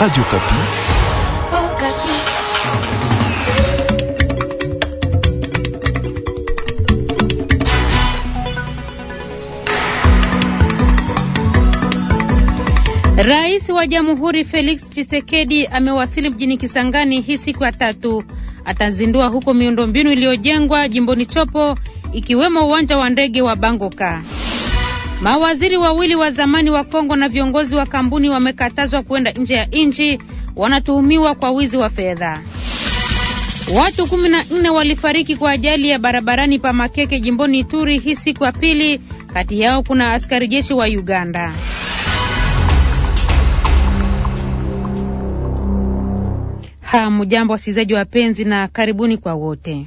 Radio Kapi. Oh, Kapi. Rais wa Jamhuri Felix Tshisekedi amewasili mjini Kisangani hii siku ya tatu. Atazindua huko miundombinu iliyojengwa jimboni Chopo ikiwemo uwanja wa ndege wa Bangoka. Mawaziri wawili wa zamani wa Kongo na viongozi wa kampuni wamekatazwa kuenda nje ya nchi, wanatuhumiwa kwa wizi wa fedha. Watu kumi na nne walifariki kwa ajali ya barabarani pa Makeke jimboni Ituri hii siku ya pili, kati yao kuna askari jeshi wa Uganda. Hamjambo wasikilizaji wapenzi, na karibuni kwa wote.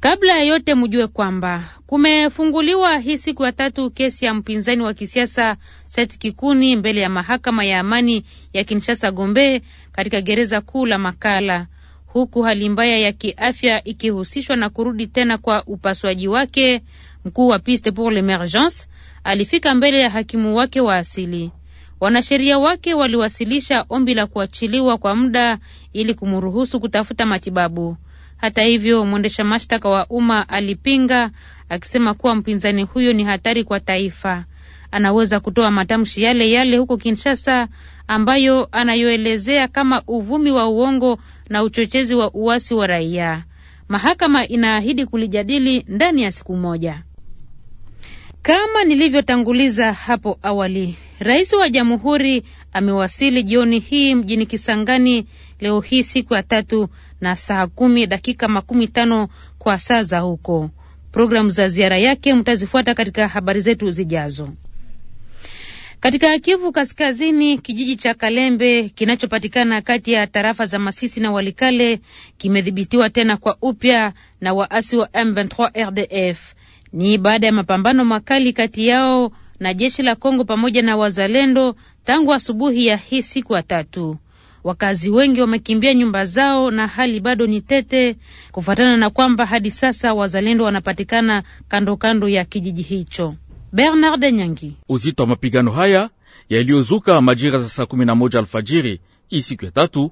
Kabla ya yote, mjue kwamba kumefunguliwa hii siku ya tatu kesi ya mpinzani wa kisiasa Seth Kikuni mbele ya mahakama ya amani ya Kinshasa Gombe katika gereza kuu la Makala, huku hali mbaya ya kiafya ikihusishwa na kurudi tena kwa upasuaji wake. Mkuu wa Piste pour l'Emergence alifika mbele ya hakimu wake wa asili. Wanasheria wake waliwasilisha ombi la kuachiliwa kwa muda ili kumruhusu kutafuta matibabu. Hata hivyo, mwendesha mashtaka wa umma alipinga akisema kuwa mpinzani huyo ni hatari kwa taifa. Anaweza kutoa matamshi yale yale huko Kinshasa ambayo anayoelezea kama uvumi wa uongo na uchochezi wa uasi wa raia. Mahakama inaahidi kulijadili ndani ya siku moja. Kama nilivyotanguliza hapo awali, rais wa jamhuri amewasili jioni hii mjini Kisangani leo hii siku ya tatu na saa kumi dakika makumi tano kwa saa za huko. Programu za ziara yake mtazifuata katika habari zetu zijazo. Katika Kivu Kaskazini, kijiji cha Kalembe kinachopatikana kati ya tarafa za Masisi na Walikale kimedhibitiwa tena kwa upya na waasi wa M23 RDF. Ni baada ya mapambano makali kati yao na jeshi la Kongo pamoja na wazalendo tangu asubuhi ya hii siku ya tatu. Wakazi wengi wamekimbia nyumba zao na hali bado ni tete, kufuatana na kwamba hadi sasa wazalendo wanapatikana kando kando ya kijiji hicho. Bernard Nyangi. Uzito wa mapigano haya yaliyozuka majira za saa 11 alfajiri hii siku ya tatu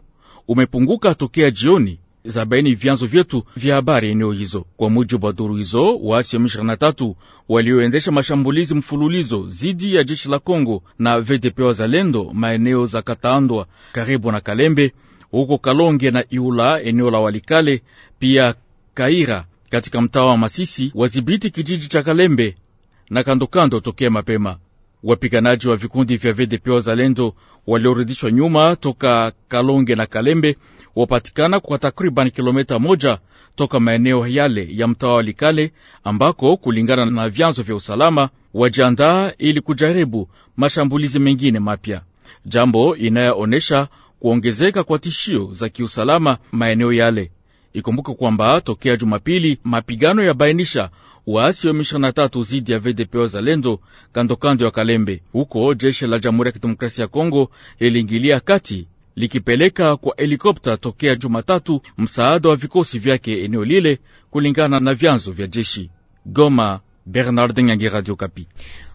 umepunguka tokea jioni za baini vyanzo vyetu vya habari eneo hizo. Kwa mujibu wa duru hizo, waasi wa M23 walioendesha mashambulizi mfululizo dhidi ya jeshi la Kongo na VDP wazalendo maeneo za Katandwa karibu na Kalembe, huko Kalonge na Iula eneo la Walikale, pia Kaira katika mtaa wa Masisi, wazibiti kijiji cha Kalembe na kandokando tokea mapema Wapiganaji wa vikundi vya VDP wazalendo waliorudishwa nyuma toka Kalonge na Kalembe wapatikana kwa takriban kilomita moja toka maeneo yale ya mtaa wa Likale ambako kulingana na vyanzo vya usalama wajiandaa ili kujaribu mashambulizi mengine mapya, jambo inayoonyesha kuongezeka kwa tishio za kiusalama maeneo yale. Ikumbuke kwamba tokea Jumapili mapigano ya bainisha waasi wa M23 zidi ya VDP wa zalendo kandokando ya Kalembe. Huko jeshi la Jamhuri ya Kidemokrasia ya Kongo liliingilia kati likipeleka kwa helikopta tokea Jumatatu msaada wa vikosi vyake eneo lile, kulingana na vyanzo vya jeshi. Goma, Bernardin Yangi, Radio Kapi.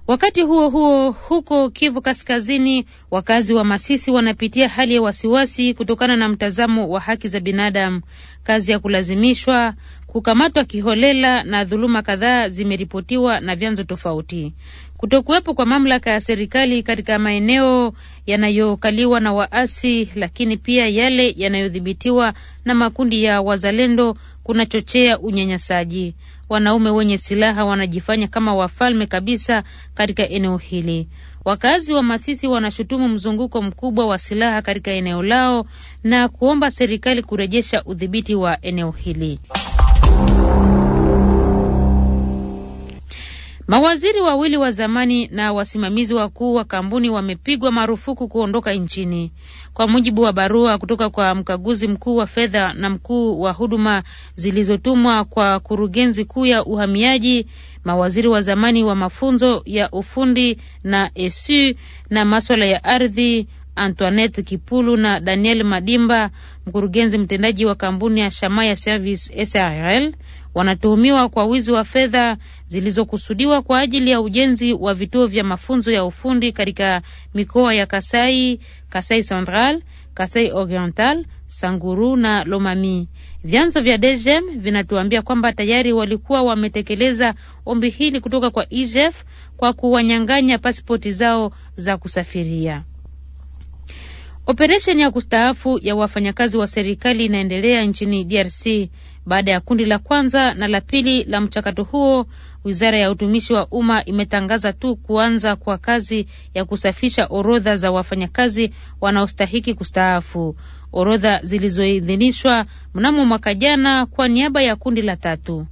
Wakati huo huo, huko Kivu Kaskazini, wakazi wa Masisi wanapitia hali ya wasiwasi kutokana na mtazamo wa haki za binadamu. Kazi ya kulazimishwa, kukamatwa kiholela na dhuluma kadhaa zimeripotiwa na vyanzo tofauti. Kutokuwepo kwa mamlaka ya serikali katika maeneo yanayokaliwa na waasi, lakini pia yale yanayodhibitiwa na makundi ya wazalendo kunachochea unyanyasaji wanaume wenye silaha wanajifanya kama wafalme kabisa katika eneo hili. Wakazi wa Masisi wanashutumu mzunguko mkubwa wa silaha katika eneo lao na kuomba serikali kurejesha udhibiti wa eneo hili. Mawaziri wawili wa zamani na wasimamizi wakuu wa kampuni wamepigwa marufuku kuondoka nchini, kwa mujibu wa barua kutoka kwa mkaguzi mkuu wa fedha na mkuu wa huduma zilizotumwa kwa kurugenzi kuu ya uhamiaji. Mawaziri wa zamani wa mafunzo ya ufundi na esu na maswala ya ardhi Antoinette Kipulu na Daniel Madimba, mkurugenzi mtendaji wa kampuni ya Shamaya Service SARL, wanatuhumiwa kwa wizi wa fedha zilizokusudiwa kwa ajili ya ujenzi wa vituo vya mafunzo ya ufundi katika mikoa ya Kasai, Kasai Central, Kasai Oriental, Sanguru na Lomami. Vyanzo vya DGM vinatuambia kwamba tayari walikuwa wametekeleza ombi hili kutoka kwa IGF e kwa kuwanyang'anya pasipoti zao za kusafiria. Operesheni ya kustaafu ya wafanyakazi wa serikali inaendelea nchini DRC baada ya kundi la kwanza na la pili la mchakato huo. Wizara ya utumishi wa umma imetangaza tu kuanza kwa kazi ya kusafisha orodha za wafanyakazi wanaostahiki kustaafu, orodha zilizoidhinishwa mnamo mwaka jana kwa niaba ya kundi la tatu.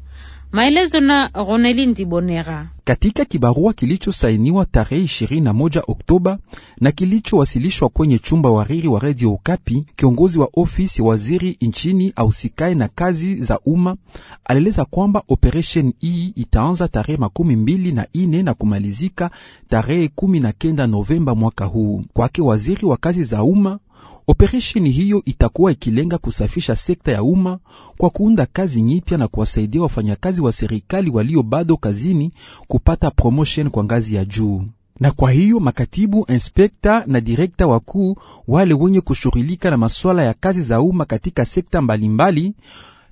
Maelezo na Ronelin Dibonera. Katika kibarua kilichosainiwa tarehe 21 Oktoba na kilichowasilishwa kwenye chumba wariri wa redio Okapi, kiongozi wa ofisi waziri nchini ausikae na kazi za umma alieleza kwamba operation hii itaanza tarehe makumi mbili na ine na kumalizika tarehe kumi na kenda Novemba mwaka huu. Kwake waziri wa kazi za umma Operesheni hiyo itakuwa ikilenga kusafisha sekta ya umma kwa kuunda kazi nyipya na kuwasaidia wafanyakazi wa serikali walio bado kazini kupata promotion kwa ngazi ya juu. Na kwa hiyo makatibu, inspekta na direkta wakuu wale wenye kushughulika na masuala ya kazi za umma katika sekta mbalimbali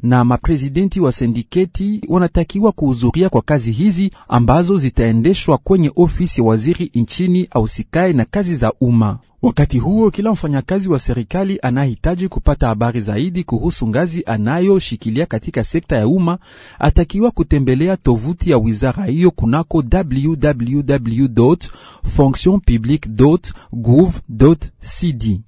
na maprezidenti wa sindiketi wanatakiwa kuhudhuria kwa kazi hizi ambazo zitaendeshwa kwenye ofisi ya waziri nchini ausikae na kazi za umma. Wakati huo kila mfanyakazi wa serikali anahitaji kupata habari zaidi kuhusu ngazi anayoshikilia katika sekta ya umma, atakiwa kutembelea tovuti ya wizara hiyo kunako www fonctionpublic gov cd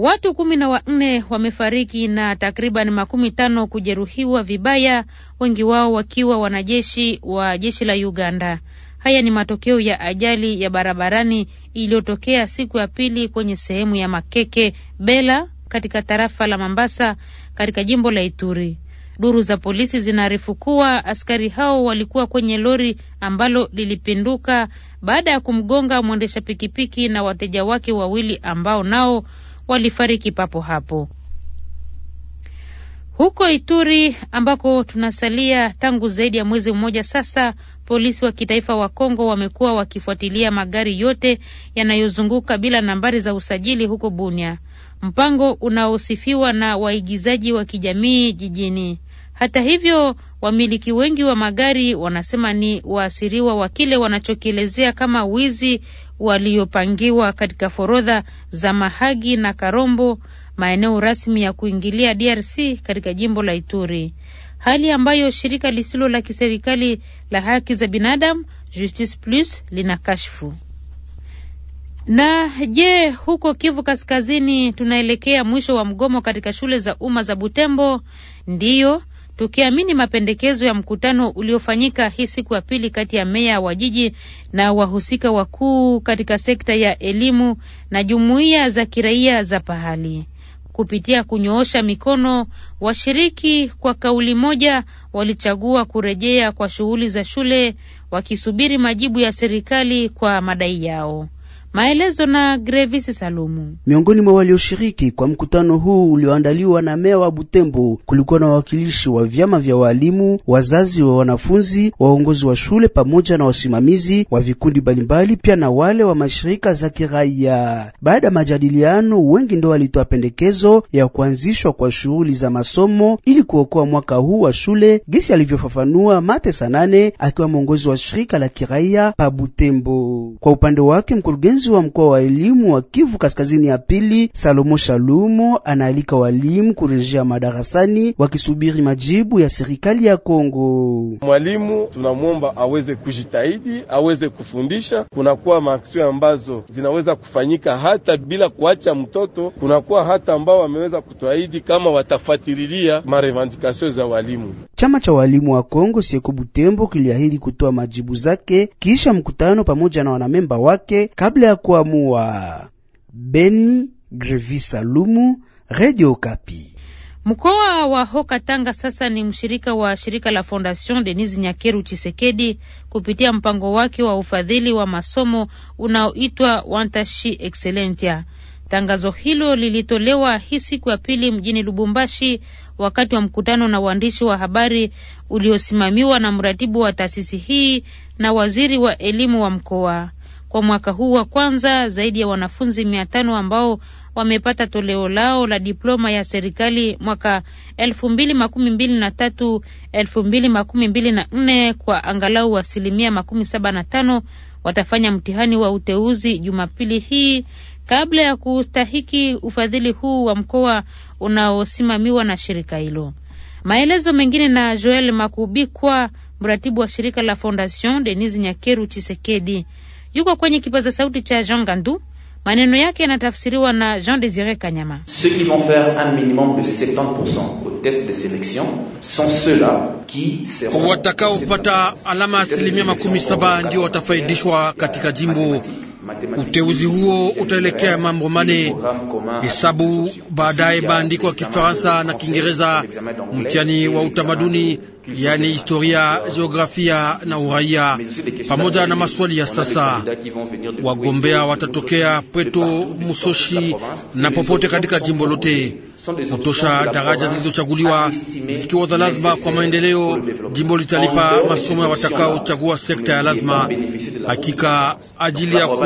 watu kumi na wanne wamefariki na takriban makumi tano kujeruhiwa vibaya, wengi wao wakiwa wanajeshi wa jeshi la Uganda. Haya ni matokeo ya ajali ya barabarani iliyotokea siku ya pili kwenye sehemu ya Makeke Bela katika tarafa la Mambasa katika jimbo la Ituri. Duru za polisi zinaarifu kuwa askari hao walikuwa kwenye lori ambalo lilipinduka baada ya kumgonga mwendesha pikipiki na wateja wake wawili ambao nao walifariki papo hapo. Huko Ituri ambako tunasalia, tangu zaidi ya mwezi mmoja sasa, polisi wa kitaifa wa Kongo wamekuwa wakifuatilia magari yote yanayozunguka bila nambari za usajili huko Bunia, mpango unaosifiwa na waigizaji wa kijamii jijini. Hata hivyo, wamiliki wengi wa magari wanasema ni waasiriwa wa kile wanachokielezea kama wizi waliopangiwa katika forodha za Mahagi na Karombo, maeneo rasmi ya kuingilia DRC katika jimbo la Ituri, hali ambayo shirika lisilo la kiserikali la haki za binadamu Justice Plus kashfu. Na je, huko Kivu Kaskazini tunaelekea mwisho wa mgomo katika shule za umma za Butembo? Ndiyo, tukiamini mapendekezo ya mkutano uliofanyika hii siku ya pili kati ya meya wa jiji na wahusika wakuu katika sekta ya elimu na jumuiya za kiraia za pahali. Kupitia kunyoosha mikono, washiriki kwa kauli moja walichagua kurejea kwa shughuli za shule, wakisubiri majibu ya serikali kwa madai yao. Maelezo na Grevis Salumu. Miongoni mwa walioshiriki kwa mkutano huu ulioandaliwa na meya wa Butembo, kulikuwa na wawakilishi wa vyama vya waalimu, wazazi wa wanafunzi, waongozi wa shule pamoja na wasimamizi wa vikundi mbalimbali, pia na wale wa mashirika za kiraia. Baada ya majadiliano, wengi ndio walitoa pendekezo ya kuanzishwa kwa shughuli za masomo ili kuokoa mwaka huu wa shule, gesi alivyofafanua Mate Sanane akiwa mwongozi wa shirika la kiraia pa Butembo. Kwa upande wake mkurugenzi mkurugenzi wa mkoa wa elimu wa Kivu Kaskazini ya pili, Salomo Shalumo, anaalika walimu kurejea madarasani wakisubiri majibu ya serikali ya Kongo. Mwalimu tunamwomba aweze kujitahidi, aweze kufundisha. Kunakuwa maaksio ambazo zinaweza kufanyika hata bila kuacha mtoto. Kunakuwa hata ambao wameweza kutwaidi kama watafatililia marevendikasio za walimu. Chama cha walimu wa Kongo Sieko Butembo kiliahidi kutoa majibu zake kisha mkutano pamoja na wanamemba wake kabla ya kuamua. Beni Grevisa Lumu, Radio Kapi. Mkoa wa Hoka Tanga sasa ni mshirika wa shirika la Fondation Denise Nyakeru Chisekedi kupitia mpango wake wa ufadhili wa masomo unaoitwa Wantashi Excellentia. Tangazo hilo lilitolewa hii siku ya pili mjini Lubumbashi wakati wa mkutano na waandishi wa habari uliosimamiwa na mratibu wa taasisi hii na waziri wa elimu wa mkoa. Kwa mwaka huu wa kwanza, zaidi ya wanafunzi mia tano ambao wamepata toleo lao la diploma ya serikali mwaka elfu mbili makumi mbili na tatu elfu mbili makumi mbili na nne kwa angalau asilimia makumi saba na tano watafanya mtihani wa uteuzi Jumapili hii kabla ya kustahiki ufadhili huu wa mkoa unaosimamiwa na shirika hilo. Maelezo mengine na Joel Makubikwa, mratibu wa shirika la Fondation denis Nyakeru Chisekedi, yuko kwenye kipaza sauti cha Jean Gandu. Maneno yake yanatafsiriwa na Jean Desire Kanyama. Ceux qui vont faire un minimum de 70% au test de sont ceux-là qui seront watakaopata alama asilimia makumi saba ndio watafaidishwa katika jimbo Uteuzi huo utaelekea mambo mane: hesabu, baadaye maandiko ya Kifaransa na Kiingereza, mtihani wa utamaduni, yaani historia, jiografia na uraia, pamoja na maswali ya sasa. Wagombea watatokea Pweto, Musoshi na popote katika jimbo lote kutosha daraja zilizochaguliwa, zikiwa za lazima kwa maendeleo. Jimbo litalipa masomo ya watakaochagua sekta ya lazima, hakika ajili ya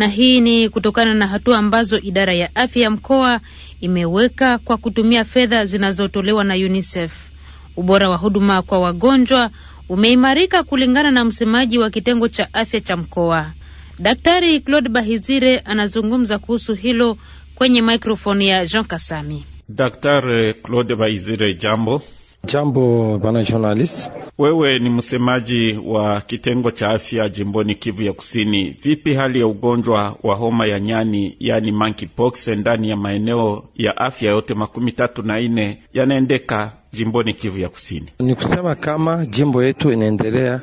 na hii ni kutokana na hatua ambazo idara ya afya ya mkoa imeweka kwa kutumia fedha zinazotolewa na UNICEF. Ubora wa huduma kwa wagonjwa umeimarika kulingana na msemaji wa kitengo cha afya cha mkoa. Daktari Claude Bahizire anazungumza kuhusu hilo kwenye microfoni ya Jean Kasami. Daktari Claude Bahizire, jambo. Jambo bana journalist. Wewe ni msemaji wa kitengo cha afya jimboni Kivu ya Kusini. Vipi hali ya ugonjwa wa homa ya nyani, yani monkeypox, ndani ya maeneo ya afya yote makumi tatu na nne yanaendeka jimboni Kivu ya Kusini? Ni kusema kama jimbo yetu inaendelea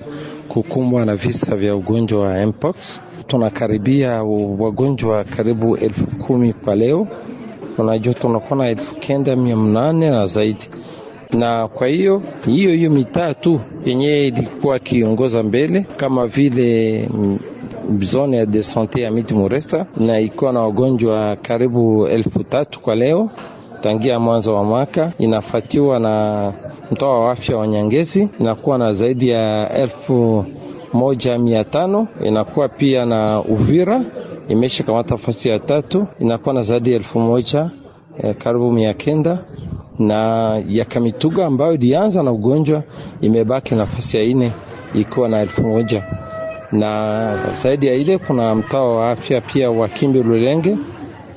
kukumbwa na visa vya ugonjwa wa mpox. Tunakaribia wagonjwa karibu elfu kumi kwa leo. Tunajua tunakuwa na elfu kenda mia mnane na zaidi na kwa hiyo hiyo hiyo mitaa tu yenyewe ilikuwa kiongoza mbele kama vile mm, zone ya de sante ya miti Muresta, na ikiwa na wagonjwa karibu elfu tatu kwa leo tangia mwanzo wa mwaka, inafatiwa na mtoa wa afya wa Nyangezi inakuwa na zaidi ya elfu moja mia tano inakuwa pia na Uvira imeshakamata fasi ya tatu inakuwa na zaidi ya elfu moja eh, karibu mia kenda na ya Kamituga ambayo ilianza na ugonjwa imebaki nafasi ya ine ikiwa na elfu moja na zaidi ya ile, kuna mtaa wa afya pia wa Kimbi Lulenge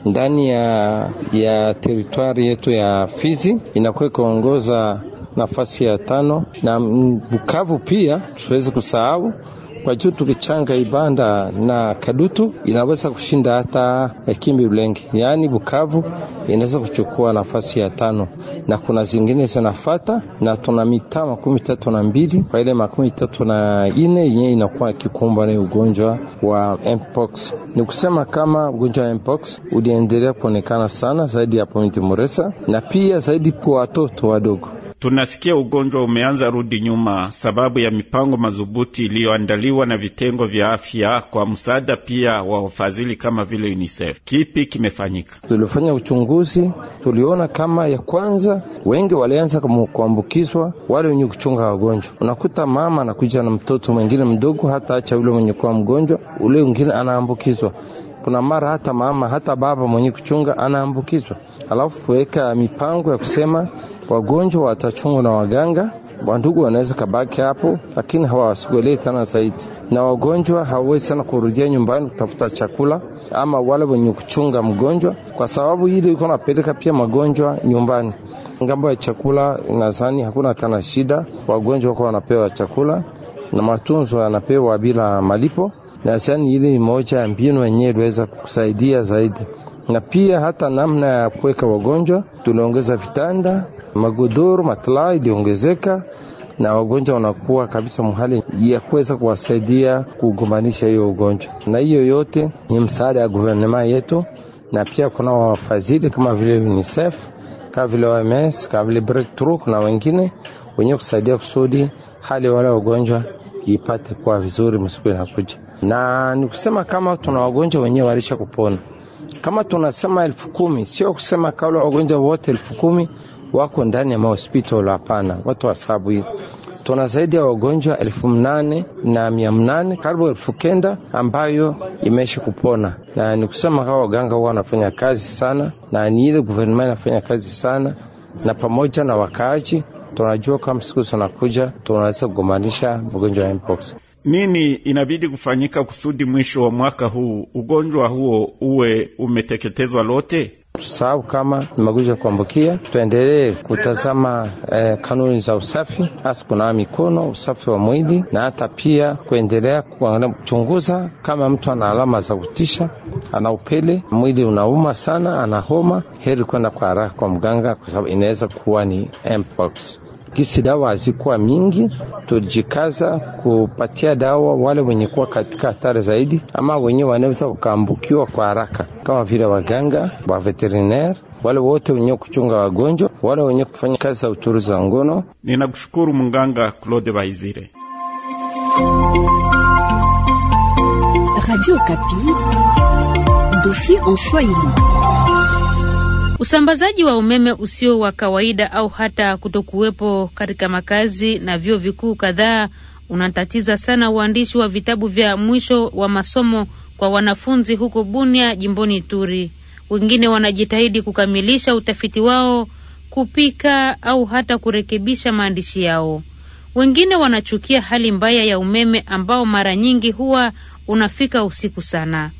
ndani ya, ya teritwari yetu ya Fizi inakuwa ikaongoza nafasi ya tano, na Bukavu pia tusiwezi kusahau kwa juu tukichanga Ibanda na Kadutu inaweza kushinda hata Kimbi Ulenge, yaani Bukavu inaweza kuchukua nafasi ya tano, na kuna zingine zinafata, na tuna mitaa makumi tatu na mbili kwa ile makumi tatu na ine yenye inakuwa kikumbwa na ugonjwa wa mpox. Ni kusema kama ugonjwa wa mpox uliendelea kuonekana sana zaidi ya pointi Muresa na pia zaidi kwa watoto wadogo. Tunasikia ugonjwa umeanza rudi nyuma, sababu ya mipango madhubuti iliyoandaliwa na vitengo vya afya kwa msaada pia wa wafadhili kama vile UNICEF. Kipi kimefanyika? Tulifanya uchunguzi, tuliona kama ya kwanza wengi walianza kuambukizwa wale wenye kuchunga wagonjwa. Unakuta mama anakuja na mtoto mwingine mdogo, hata acha yule mwenye kuwa mgonjwa, ule mwingine anaambukizwa kuna mara hata mama hata baba mwenye kuchunga anaambukizwa. Alafu kuweka mipango ya kusema wagonjwa watachungwa na waganga wandugu wanaweza kabaki hapo, lakini hawasogolei tena zaidi, na wagonjwa hawawezi sana kurudia nyumbani kutafuta chakula, ama wale wenye kuchunga mgonjwa, kwa sababu hili iko napeleka pia magonjwa nyumbani. Ngambo ya chakula, nadhani hakuna tena shida, wagonjwa wako wanapewa chakula na matunzo yanapewa bila malipo. Nadhani hili ni moja ya mbinu yenyewe iliweza kusaidia zaidi, na pia hata namna ya kuweka wagonjwa, tunaongeza vitanda, magodoro, matalaa iliongezeka na wagonjwa wanakuwa kabisa mhali ya kuweza kuwasaidia kugombanisha hiyo ugonjwa, na hiyo yote ni msaada ya guvernema yetu, na pia kuna wafadhili kama vile UNICEF kama vile OMS kama vile Breakthrough na wengine wenye kusaidia kusudi hali wale wagonjwa ipate kuwa vizuri msiku inakuja na ni kusema kama tuna wagonjwa wenyewe walisha kupona. Kama tunasema elfu kumi sio kusema kawa wagonjwa wote elfu kumi wako ndani ya mahospital, hapana, watu wasabu hivi tuna zaidi ya wagonjwa elfu mnane na mia mnane karibu elfu kenda ambayo imeisha kupona, na ni kusema kawa waganga huwa wanafanya kazi sana, na ni ile guvernment inafanya kazi sana, na pamoja na wakaaji tunajua kama siku zinakuja tunaweza kugomanisha mgonjwa wa mpox. Nini inabidi kufanyika kusudi mwisho wa mwaka huu ugonjwa huo uwe umeteketezwa lote? Tusahau kama ni magonjwa ya kuambukia, tuendelee kutazama eh, kanuni za usafi, hasa kunawa mikono, usafi wa mwili, na hata pia kuendelea kuchunguza kama mtu ana alama za kutisha, ana upele, mwili unauma sana, ana homa, heri kwenda kwa haraka kwa mganga, kwa sababu inaweza kuwa ni mpox gisi dawa hazikuwa mingi, tulijikaza kupatia dawa wale wenye kuwa katika hatari zaidi, ama wenye wanaweza wakaambukiwa kwa haraka, kama vile waganga wa veterinaire wale wote wenye kuchunga wagonjwa, wale wenye kufanya kazi za uturuzi wa ngono. Ninakushukuru mganga Claude Baizire. Radio Kapi, en Swahili. Usambazaji wa umeme usio wa kawaida au hata kutokuwepo katika makazi na vyuo vikuu kadhaa unatatiza sana uandishi wa vitabu vya mwisho wa masomo kwa wanafunzi huko Bunia jimboni Ituri. Wengine wanajitahidi kukamilisha utafiti wao, kupika au hata kurekebisha maandishi yao. Wengine wanachukia hali mbaya ya umeme ambao mara nyingi huwa unafika usiku sana.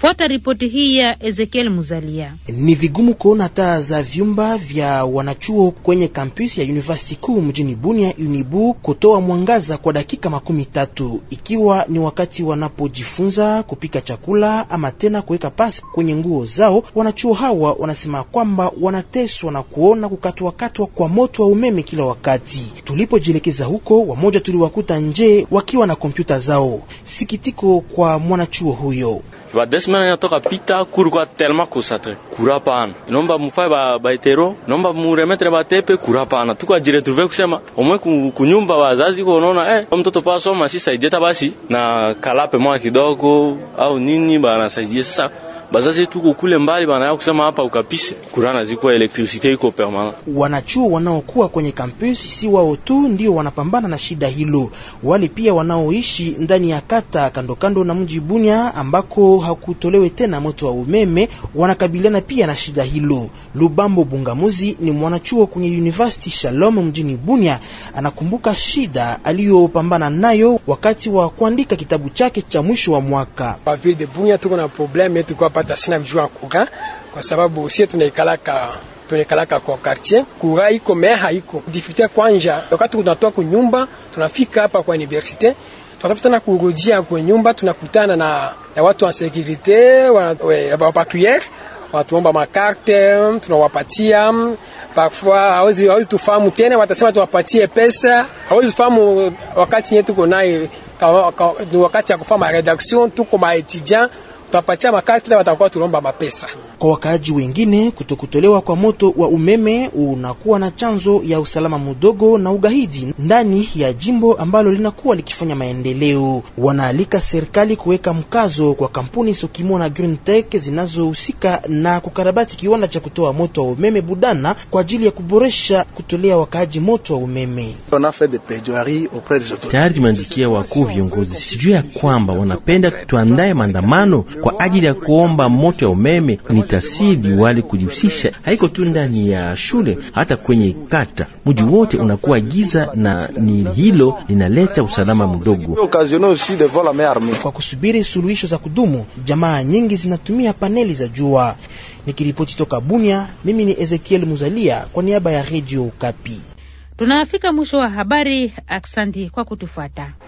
Fuata ripoti hii ya Ezekiel Muzalia. Ni vigumu kuona taa za vyumba vya wanachuo kwenye kampus ya University Kuu mjini Bunia Unibu kutoa mwangaza kwa dakika makumi tatu ikiwa ni wakati wanapojifunza kupika chakula ama tena kuweka pasi kwenye nguo zao. Wanachuo hawa wanasema kwamba wanateswa na kuona kukatwakatwa kwa moto wa umeme kila wakati. Tulipojielekeza huko, wamoja tuliwakuta nje wakiwa na kompyuta zao. Sikitiko kwa mwanachuo huyo Usman anatoka pita kuru kwa telma kusatre kura pana, naomba mufae ba baitero, naomba muremetre batepe kura pana, tukajiretrouve kusema omwe kunyumba wazazi ko, eh, mtoto pasoma, si saidia na kalape mwa kidogo au nini, bana sasa bazazi tuko kule mbali, banaya kusema hapa ukapise kurana zikuwa elektrisite iko permanent. Wanachuo wanaokuwa kwenye kampus si wao tu ndio wanapambana na shida hilo, wale pia wanaoishi ndani ya kata kandokando na mji Bunia ambako hakutolewe tena moto wa umeme wanakabiliana pia na shida hilo. Lubambo Bungamuzi ni mwanachuo kwenye University Shalom mjini Bunia, anakumbuka shida aliyopambana nayo wakati wa kuandika kitabu chake cha mwisho wa mwaka. Bunia tuko na problem yetu kwa napata sina mjua kura, kwa sababu sie tunaikalaka tunaikalaka kwa quartier, kura iko me haiko difite. Kwanja wakati tunatoka kwa nyumba tunafika hapa kwa universite, tunatafuta na kurudia kwa nyumba, tunakutana na, na watu wa securite wapatuyere wanatuomba makarte, tunawapatia parfois hawezi hawezi tufahamu tena, watasema tuwapatie pesa, hawezi fahamu wakati yetu tuko naye, wakati ya kufama redaction tuko maetudiant tutapatia makazi na watakuwa tulomba mapesa. Kwa wakaaji wengine, kutokutolewa kwa moto wa umeme unakuwa na chanzo ya usalama mdogo na ugaidi ndani ya jimbo ambalo linakuwa likifanya maendeleo. Wanaalika serikali kuweka mkazo kwa kampuni Sokimo na Green Tech zinazohusika na kukarabati kiwanda cha kutoa moto wa umeme Budana kwa ajili ya kuboresha kutolea wakaaji moto wa umeme. Tayari tumeandikia wakuu viongozi, sijui ya kwamba wanapenda tuandaye maandamano kwa ajili ya kuomba moto ya umeme, tasidi wale kujihusisha. Haiko tu ndani ya shule, hata kwenye kata, mji wote unakuwa giza, na ni hilo linaleta usalama mdogo. Kwa kusubiri suluhisho za kudumu, jamaa nyingi zinatumia paneli za jua. Nikiripoti toka Bunia, mimi ni Ezekiel Muzalia kwa niaba ya redio Kapi. Tunafika mwisho wa habari. Aksandi kwa kutufuata.